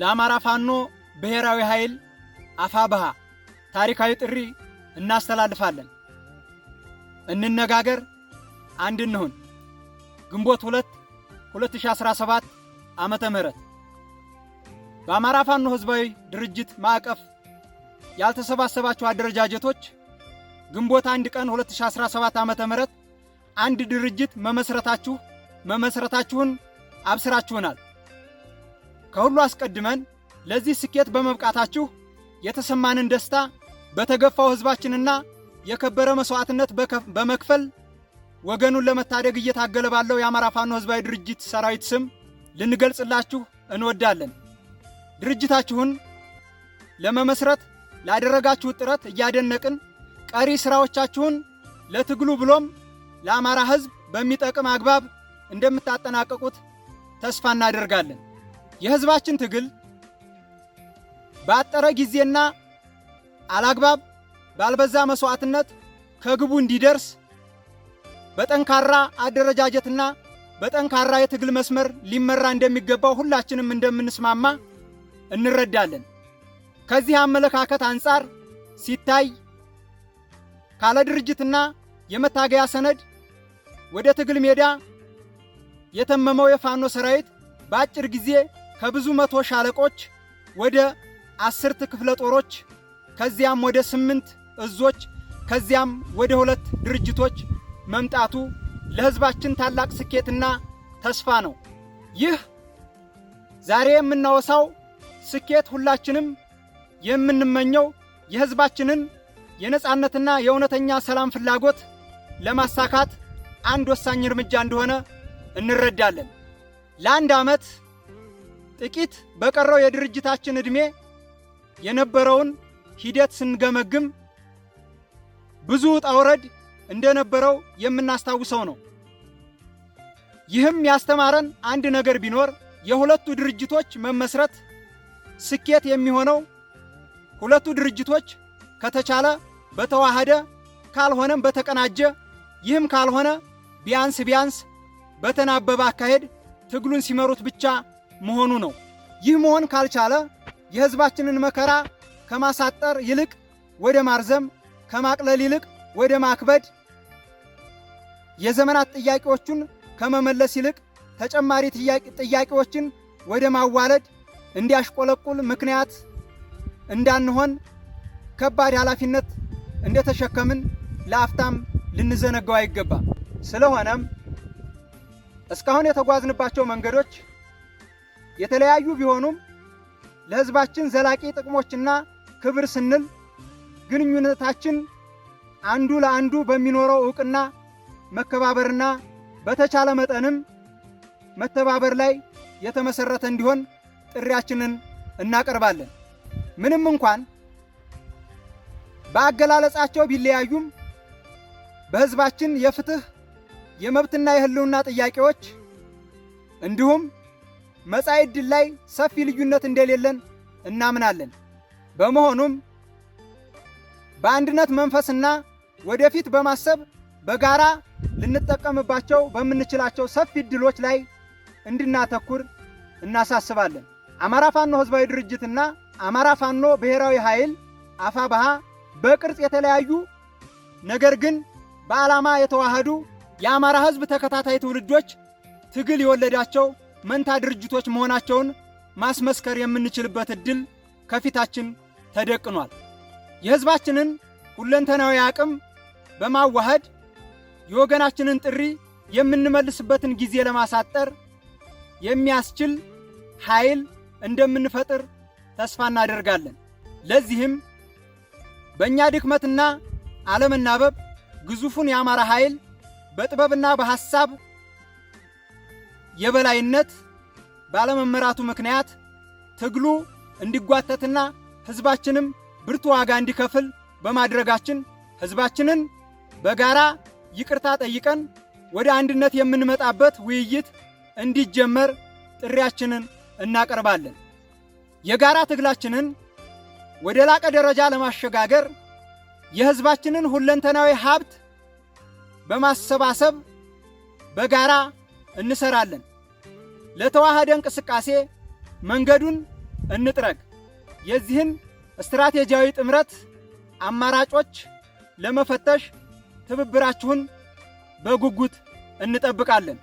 ለአማራ ፋኖ ብሔራዊ ኃይል አፋብሃ ታሪካዊ ጥሪ እናስተላልፋለን። እንነጋገር፣ አንድ እንሁን። ግንቦት 2 2017 ዓመተ ምህረት በአማራ ፋኖ ህዝባዊ ድርጅት ማዕቀፍ ያልተሰባሰባችሁ አደረጃጀቶች ግንቦት አንድ ቀን 2017 ዓመተ ምህረት አንድ ድርጅት መመስረታችሁ መመስረታችሁን አብስራችሁናል። ከሁሉ አስቀድመን ለዚህ ስኬት በመብቃታችሁ የተሰማንን ደስታ በተገፋው ሕዝባችንና የከበረ መስዋዕትነት በመክፈል ወገኑን ለመታደግ እየታገለ ባለው የአማራ ፋኖ ሕዝባዊ ድርጅት ሰራዊት ስም ልንገልጽላችሁ እንወዳለን። ድርጅታችሁን ለመመስረት ላደረጋችሁ ጥረት እያደነቅን ቀሪ ስራዎቻችሁን ለትግሉ ብሎም ለአማራ ሕዝብ በሚጠቅም አግባብ እንደምታጠናቀቁት ተስፋ እናደርጋለን። የህዝባችን ትግል ባጠረ ጊዜና አላግባብ ባልበዛ መስዋዕትነት ከግቡ እንዲደርስ በጠንካራ አደረጃጀትና በጠንካራ የትግል መስመር ሊመራ እንደሚገባው ሁላችንም እንደምንስማማ እንረዳለን። ከዚህ አመለካከት አንጻር ሲታይ ካለ ድርጅትና የመታገያ ሰነድ ወደ ትግል ሜዳ የተመመው የፋኖ ሰራዊት በአጭር ጊዜ ከብዙ መቶ ሻለቆች ወደ አስርት ክፍለ ጦሮች ከዚያም ወደ ስምንት እዞች ከዚያም ወደ ሁለት ድርጅቶች መምጣቱ ለሕዝባችን ታላቅ ስኬትና ተስፋ ነው። ይህ ዛሬ የምናወሳው ስኬት ሁላችንም የምንመኘው የሕዝባችንን የነጻነትና የእውነተኛ ሰላም ፍላጎት ለማሳካት አንድ ወሳኝ እርምጃ እንደሆነ እንረዳለን። ለአንድ ዓመት ጥቂት በቀረው የድርጅታችን ዕድሜ የነበረውን ሂደት ስንገመግም ብዙ ውጣ ውረድ እንደነበረው የምናስታውሰው ነው። ይህም ያስተማረን አንድ ነገር ቢኖር የሁለቱ ድርጅቶች መመስረት ስኬት የሚሆነው ሁለቱ ድርጅቶች ከተቻለ በተዋሃደ ካልሆነም በተቀናጀ ይህም ካልሆነ ቢያንስ ቢያንስ በተናበበ አካሄድ ትግሉን ሲመሩት ብቻ መሆኑ ነው። ይህ መሆን ካልቻለ የህዝባችንን መከራ ከማሳጠር ይልቅ ወደ ማርዘም፣ ከማቅለል ይልቅ ወደ ማክበድ፣ የዘመናት ጥያቄዎቹን ከመመለስ ይልቅ ተጨማሪ ጥያቄዎችን ወደ ማዋለድ እንዲያሽቆለቁል ምክንያት እንዳንሆን ከባድ ኃላፊነት እንደተሸከምን ለአፍታም ልንዘነጋው አይገባም። ስለሆነም እስካሁን የተጓዝንባቸው መንገዶች የተለያዩ ቢሆኑም ለህዝባችን ዘላቂ ጥቅሞችና ክብር ስንል ግንኙነታችን አንዱ ለአንዱ በሚኖረው እውቅና መከባበርና በተቻለ መጠንም መተባበር ላይ የተመሰረተ እንዲሆን ጥሪያችንን እናቀርባለን። ምንም እንኳን በአገላለጻቸው ቢለያዩም በህዝባችን የፍትህ የመብትና የህልውና ጥያቄዎች እንዲሁም መጻኢ ዕድል ላይ ሰፊ ልዩነት እንደሌለን እናምናለን። በመሆኑም በአንድነት መንፈስና ወደፊት በማሰብ በጋራ ልንጠቀምባቸው በምንችላቸው ሰፊ ዕድሎች ላይ እንድናተኩር እናሳስባለን። አማራ ፋኖ ህዝባዊ ድርጅትና አማራ ፋኖ ብሔራዊ ኃይል አፋብኃ በቅርጽ የተለያዩ ነገር ግን በዓላማ የተዋሃዱ የአማራ ህዝብ ተከታታይ ትውልዶች ትግል የወለዳቸው መንታ ድርጅቶች መሆናቸውን ማስመስከር የምንችልበት ዕድል ከፊታችን ተደቅኗል። የሕዝባችንን ሁለንተናዊ አቅም በማዋሃድ የወገናችንን ጥሪ የምንመልስበትን ጊዜ ለማሳጠር የሚያስችል ኃይል እንደምንፈጥር ተስፋ እናደርጋለን። ለዚህም በእኛ ድክመትና አለመናበብ ግዙፉን የአማራ ኃይል በጥበብና በሐሳብ የበላይነት ባለመመራቱ ምክንያት ትግሉ እንዲጓተትና ህዝባችንም ብርቱ ዋጋ እንዲከፍል በማድረጋችን ህዝባችንን በጋራ ይቅርታ ጠይቀን ወደ አንድነት የምንመጣበት ውይይት እንዲጀመር ጥሪያችንን እናቀርባለን። የጋራ ትግላችንን ወደ ላቀ ደረጃ ለማሸጋገር የህዝባችንን ሁለንተናዊ ሀብት በማሰባሰብ በጋራ እንሰራለን። ለተዋሃደ እንቅስቃሴ መንገዱን እንጥረግ። የዚህን ስትራቴጂያዊ ጥምረት አማራጮች ለመፈተሽ ትብብራችሁን በጉጉት እንጠብቃለን።